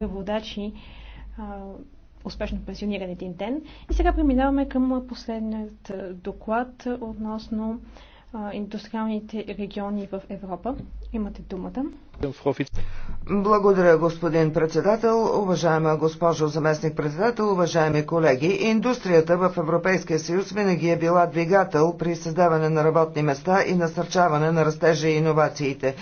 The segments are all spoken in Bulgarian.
преводачи успешно пенсиониран един ден. И сега преминаваме към последният доклад относно индустриалните региони в Европа. Имате думата. Благодаря, господин председател, уважаема госпожо заместник председател, уважаеми колеги. Индустрията в Европейския съюз винаги е била двигател при създаване на работни места и насърчаване на растежа и иновациите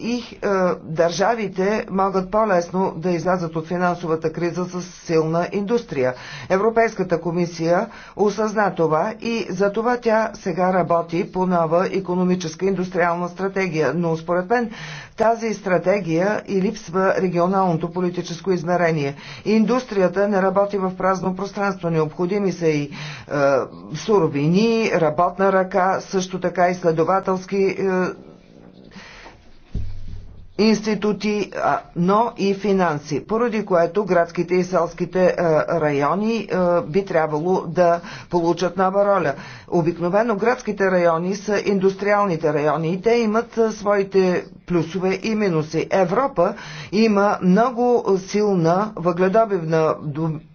и е, държавите могат по-лесно да излязат от финансовата криза с силна индустрия. Европейската комисия осъзна това и за това тя сега работи по нова економическа индустриална стратегия. Но според мен тази стратегия и липсва регионалното политическо измерение. Индустрията не работи в празно пространство. Необходими са и е, суровини, работна ръка, също така изследователски е, институти, но и финанси, поради което градските и селските райони би трябвало да получат нова роля. Обикновено градските райони са индустриалните райони и те имат своите плюсове и минуси. Европа има много силна въгледобивна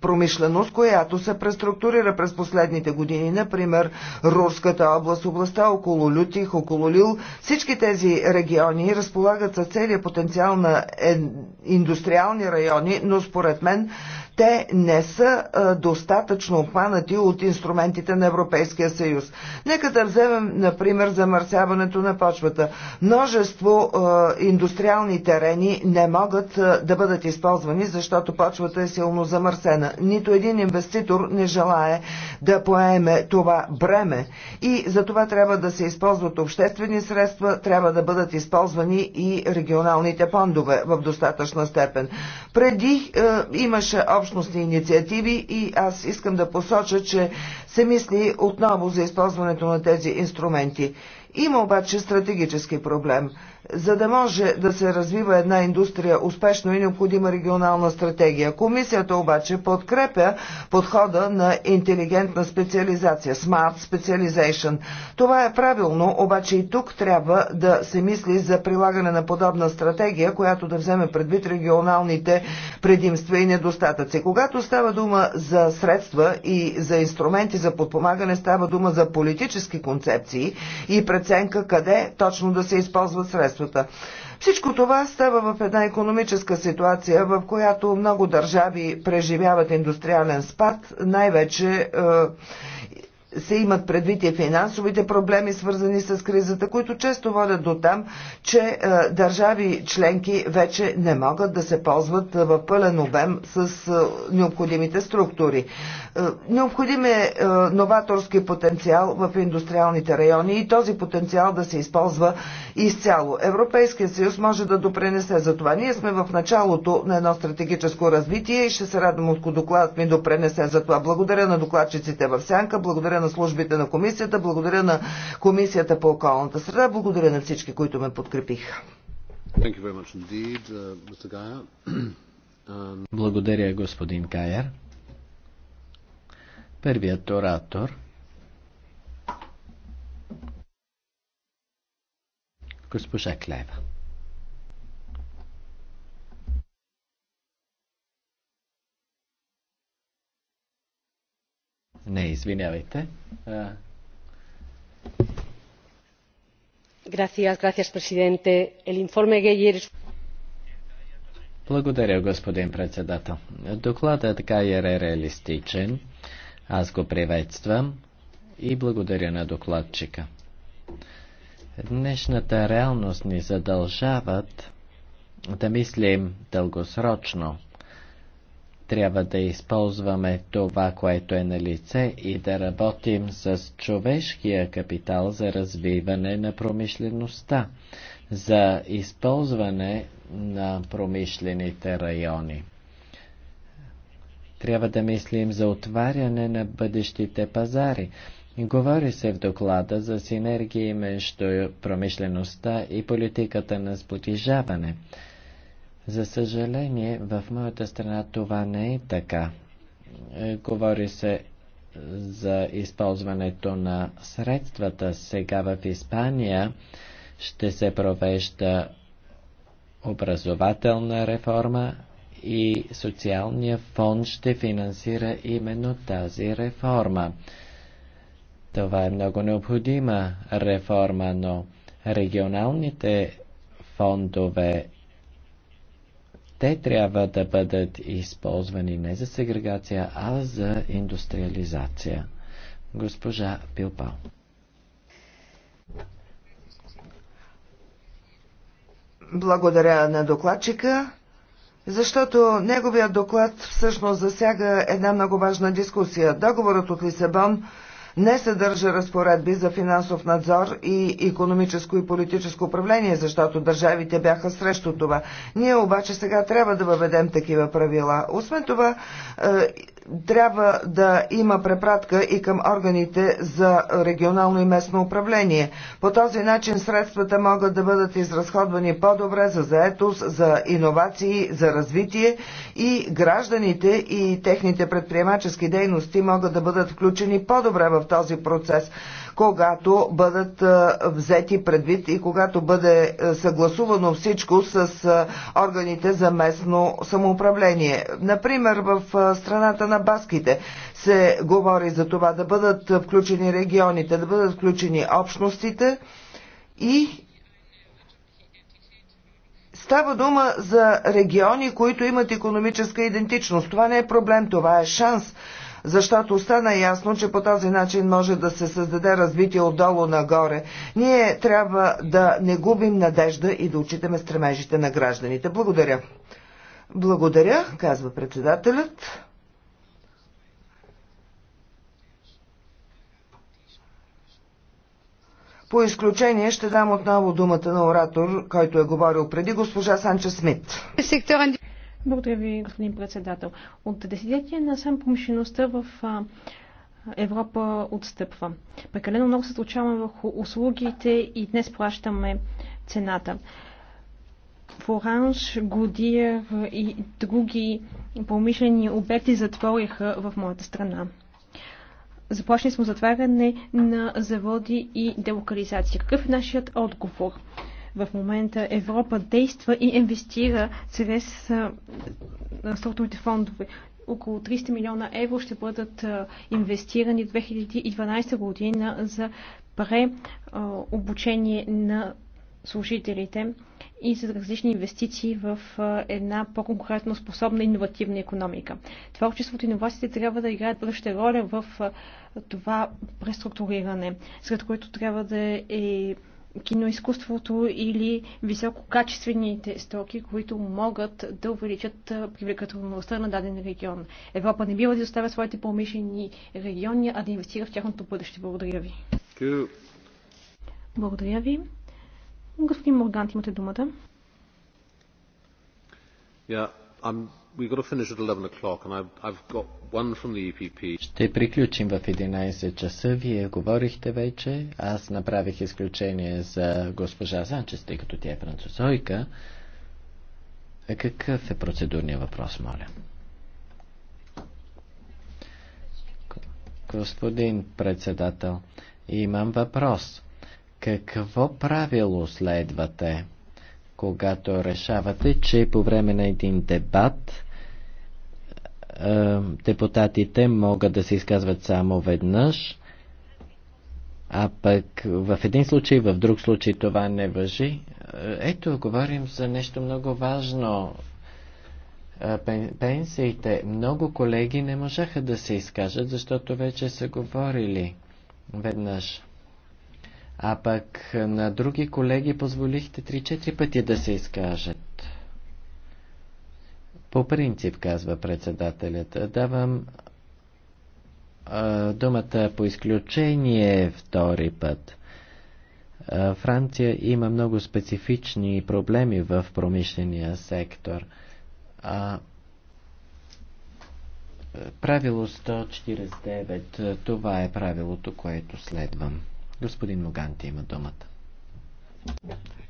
промишленост, която се преструктурира през последните години. Например, Рурската област, областта около Лютих, около Лил. Всички тези региони разполагат с целия потенциал на индустриални райони, но според мен те не са достатъчно обхванати от инструментите на Европейския съюз. Нека да вземем, например, замърсяването на почвата. Множество индустриални терени не могат да бъдат използвани, защото почвата е силно замърсена. Нито един инвеститор не желае да поеме това бреме и за това трябва да се използват обществени средства, трябва да бъдат използвани и регионалните фондове в достатъчна степен. Преди е, имаше общностни инициативи и аз искам да посоча, че се мисли отново за използването на тези инструменти. Има обаче стратегически проблем. За да може да се развива една индустрия успешно и необходима регионална стратегия. Комисията обаче подкрепя подхода на интелигентна специализация, Smart Specialization. Това е правилно, обаче и тук трябва да се мисли за прилагане на подобна стратегия, която да вземе предвид регионалните предимства и недостатъци. Когато става дума за средства и за инструменти за подпомагане, става дума за политически концепции и пред преценка къде точно да се използват средствата. Всичко това става в една економическа ситуация, в която много държави преживяват индустриален спад, най-вече е, се имат предвид и финансовите проблеми, свързани с кризата, които често водят до там, че е, държави членки вече не могат да се ползват е, в пълен обем с е, необходимите структури. необходим е, е новаторски потенциал в индустриалните райони и този потенциал да се използва изцяло. Европейския съюз може да допренесе за това. Ние сме в началото на едно стратегическо развитие и ще се радвам, ако докладът ми допренесе за това. Благодаря на докладчиците в Сянка, благодаря на службите на комисията, благодаря на комисията по околната среда, благодаря на всички, които ме подкрепиха. Uh, uh, благодаря, господин Кайер. Първият оратор госпожа Клева. Не, извинявайте. Gracias, presidente. El informe Geyer... Благодаря, господин председател. Докладът Гайер е реалистичен. Аз го приветствам и благодаря на докладчика. Днешната реалност ни задължават да мислим дългосрочно – трябва да използваме това, което е на лице и да работим с човешкия капитал за развиване на промишлеността, за използване на промишлените райони. Трябва да мислим за отваряне на бъдещите пазари. Говори се в доклада за синергии между промишлеността и политиката на сплотижаване. За съжаление, в моята страна това не е така. Е, говори се за използването на средствата. Сега в Испания ще се провежда образователна реформа и социалния фонд ще финансира именно тази реформа. Това е много необходима реформа, но регионалните фондове те трябва да бъдат използвани не за сегрегация, а за индустриализация. Госпожа Пилпал. Благодаря на докладчика, защото неговият доклад всъщност засяга една много важна дискусия. Договорът от Лисабон не съдържа разпоредби за финансов надзор и економическо и политическо управление, защото държавите бяха срещу това. Ние обаче сега трябва да въведем такива правила. Освен това, е, трябва да има препратка и към органите за регионално и местно управление. По този начин средствата могат да бъдат изразходвани по-добре за заетост, за иновации, за развитие и гражданите и техните предприемачески дейности могат да бъдат включени по-добре в този процес когато бъдат взети предвид и когато бъде съгласувано всичко с органите за местно самоуправление. Например, в страната на баските се говори за това да бъдат включени регионите, да бъдат включени общностите и Става дума за региони, които имат економическа идентичност. Това не е проблем, това е шанс защото стана ясно, че по този начин може да се създаде развитие отдолу нагоре. Ние трябва да не губим надежда и да отчитаме стремежите на гражданите. Благодаря. Благодаря, казва председателят. По изключение ще дам отново думата на оратор, който е говорил преди, госпожа Санче Смит. Благодаря ви, господин председател. От десетилетия сам промишлеността в Европа отстъпва. Прекалено много се случаваме върху услугите и днес плащаме цената. Форанж, Годиер и други промишлени обекти затвориха в моята страна. Заплашени сме затваряне на заводи и делокализация. Какъв е нашият отговор? В момента Европа действа и инвестира чрез структурните фондове около 300 милиона евро ще бъдат инвестирани в 2012 година за преобучение на служителите и за различни инвестиции в една по-конкретно способна иновативна економика. Творчеството и иновациите трябва да играят бъдеща роля в това преструктуриране, сред което трябва да е киноизкуството или висококачествените стоки, които могат да увеличат привлекателността на даден регион. Европа не бива да изоставя своите промишлени региони, а да инвестира в тяхното бъдеще. Благодаря ви. Благодаря ви. Господин Моргант, имате думата. Yeah, I'm E Ще приключим в 11 часа. Вие говорихте вече. Аз направих изключение за госпожа Занчес, тъй като тя е французойка. Какъв е процедурният въпрос, моля? Господин председател, имам въпрос. Какво правило следвате? когато решавате, че по време на един дебат депутатите могат да се изказват само веднъж, а пък в един случай, в друг случай това не въжи. Е, ето, говорим за нещо много важно. Пенсиите. Много колеги не можаха да се изкажат, защото вече са говорили веднъж. А пък на други колеги позволихте 3-4 пъти да се изкажат. По принцип, казва председателят, давам а, думата по изключение втори път. А, Франция има много специфични проблеми в промишления сектор. А, правило 149, това е правилото, което следвам. Господин Моганти има думата.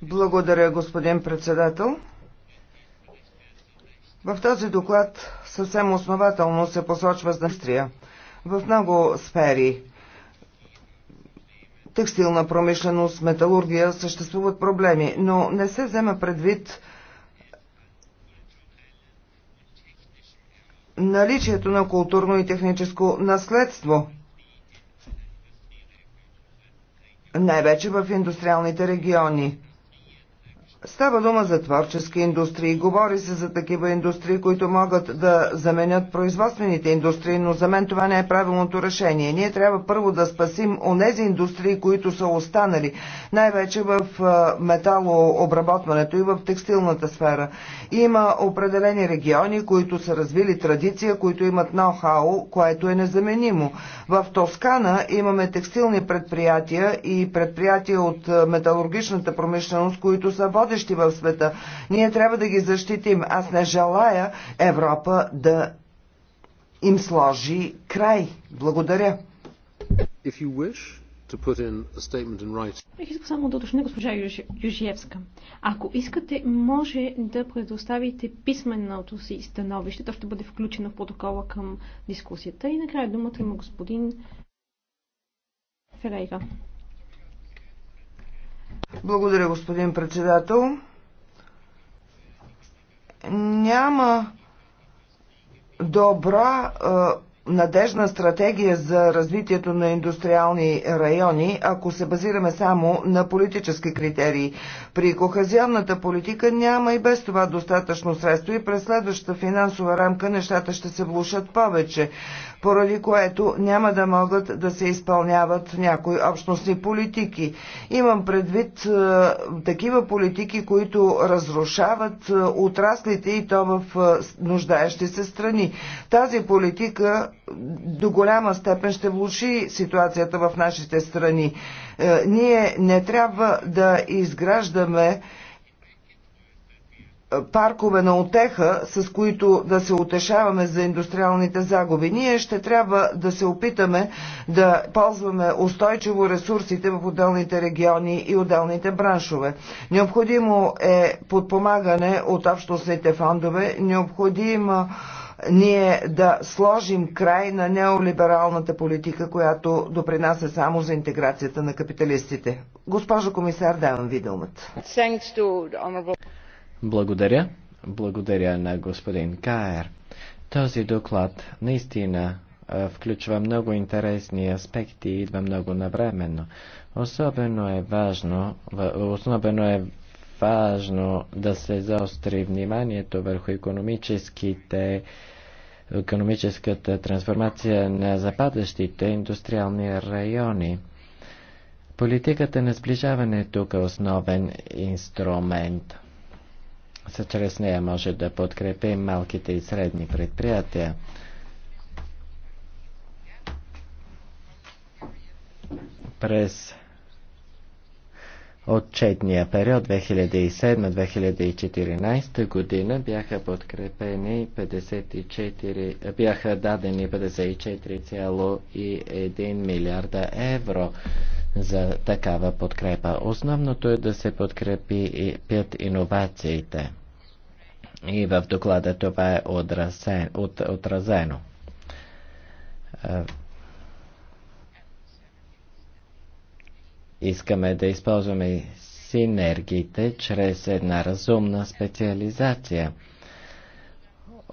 Благодаря, господин председател. В този доклад съвсем основателно се посочва значение в много сфери. Текстилна промишленост, металургия съществуват проблеми, но не се взема предвид наличието на културно и техническо наследство, най-вече в индустриалните региони. Става дума за творчески индустрии. Говори се за такива индустрии, които могат да заменят производствените индустрии, но за мен това не е правилното решение. Ние трябва първо да спасим онези индустрии, които са останали, най-вече в металообработването и в текстилната сфера. Има определени региони, които са развили традиция, които имат ноу-хау, което е незаменимо. В Тоскана имаме текстилни предприятия и предприятия от металургичната промишленост, които са водени водещи в света. Ние трябва да ги защитим. Аз не желая Европа да им сложи край. Благодаря. If you wish to put in a statement in writing. Бих искал само да уточня госпожа Южиевска. Ако искате, може да предоставите писменото си становище. То ще бъде включено в протокола към дискусията. И накрая думата има господин Ферейра. Благодаря, господин председател. Няма добра надежна стратегия за развитието на индустриални райони, ако се базираме само на политически критерии. При кохазионната политика няма и без това достатъчно средство и през следващата финансова рамка нещата ще се влушат повече поради което няма да могат да се изпълняват някои общностни политики. Имам предвид е, такива политики, които разрушават е, отраслите и то в е, нуждаещи се страни. Тази политика до голяма степен ще влуши ситуацията в нашите страни. Ние не трябва да изграждаме паркове на отеха, с които да се утешаваме за индустриалните загуби. Ние ще трябва да се опитаме да ползваме устойчиво ресурсите в отделните региони и отделните браншове. Необходимо е подпомагане от общностните фондове, необходимо ние да сложим край на неолибералната политика, която допринася само за интеграцията на капиталистите. Госпожо комисар, давам ви думата. Благодаря. Благодаря на господин Каер. Този доклад наистина включва много интересни аспекти и идва много навременно. Особено е важно, особено е важно да се заостри вниманието върху економическите економическата трансформация на западащите индустриални райони. Политиката на сближаване е тук основен инструмент – чрез нея може да подкрепим малките и средни предприятия. През отчетния период 2007-2014 година бяха подкрепени 54, бяха дадени 54,1 милиарда евро за такава подкрепа. Основното е да се подкрепи и пят иновациите. И в доклада това е отразено. Искаме да използваме синергиите чрез една разумна специализация –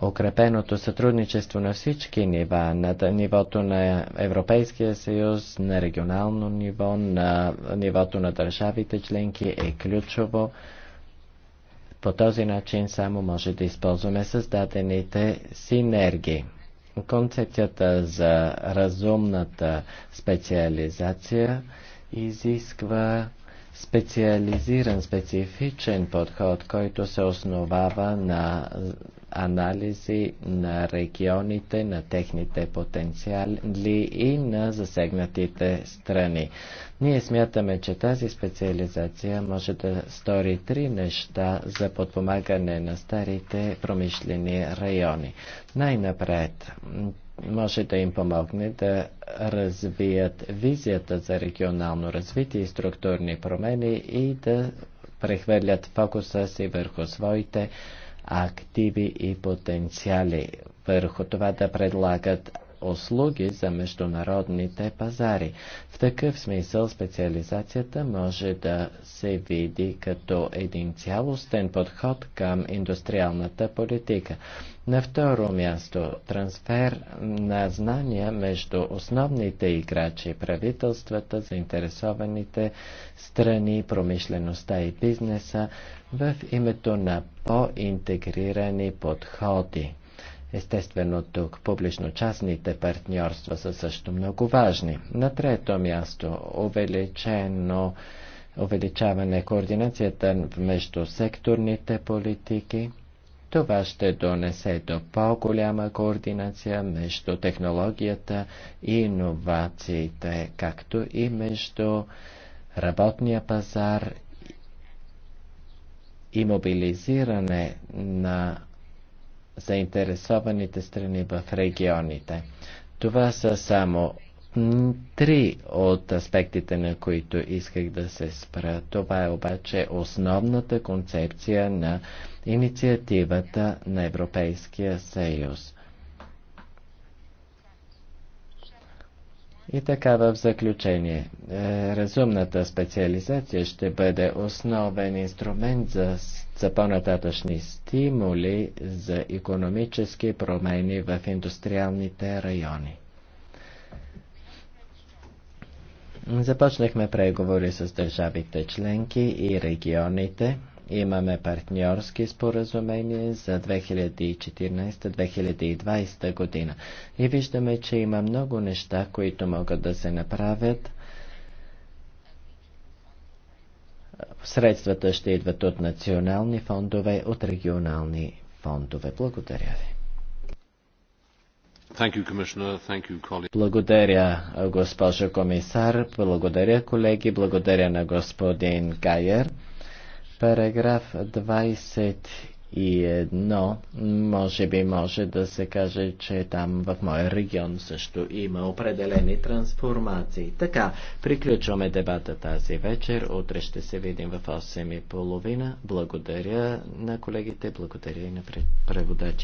укрепеното сътрудничество на всички нива, на нивото на Европейския съюз, на регионално ниво, на нивото на държавите членки е ключово. По този начин само може да използваме създадените синергии. Концепцията за разумната специализация изисква специализиран, специфичен подход, който се основава на анализи на регионите, на техните потенциали и на засегнатите страни. Ние смятаме, че тази специализация може да стори три неща за подпомагане на старите промишлени райони. Най-напред може да им помогне да развият визията за регионално развитие и структурни промени и да прехвърлят фокуса си върху своите активи и потенциали върху това да предлагат услуги за международните пазари. В такъв смисъл специализацията може да се види като един цялостен подход към индустриалната политика. На второ място трансфер на знания между основните играчи, правителствата, заинтересованите страни, промишлеността и бизнеса в името на по-интегрирани подходи. Естествено тук публично-частните партньорства са също много важни. На трето място увеличено увеличаване координацията между секторните политики. Това ще донесе до по-голяма координация между технологията и иновациите, както и между работния пазар и мобилизиране на заинтересованите страни в регионите. Това са само три от аспектите, на които исках да се спра. Това е обаче основната концепция на инициативата на Европейския съюз. И така в заключение, е, разумната специализация ще бъде основен инструмент за, за по-нататъчни стимули за економически промени в индустриалните райони. Започнахме преговори с държавите членки и регионите. Имаме партньорски споразумения за 2014-2020 година. И виждаме, че има много неща, които могат да се направят. Средствата ще идват от национални фондове, от регионални фондове. Благодаря ви. Благодаря, госпожо комисар. Благодаря, колеги. Благодаря на господин Гайер. Параграф 21 може би може да се каже, че там в моя регион също има определени трансформации. Така, приключваме дебата тази вечер. Утре ще се видим в 8.30. Благодаря на колегите, благодаря и на преводачите.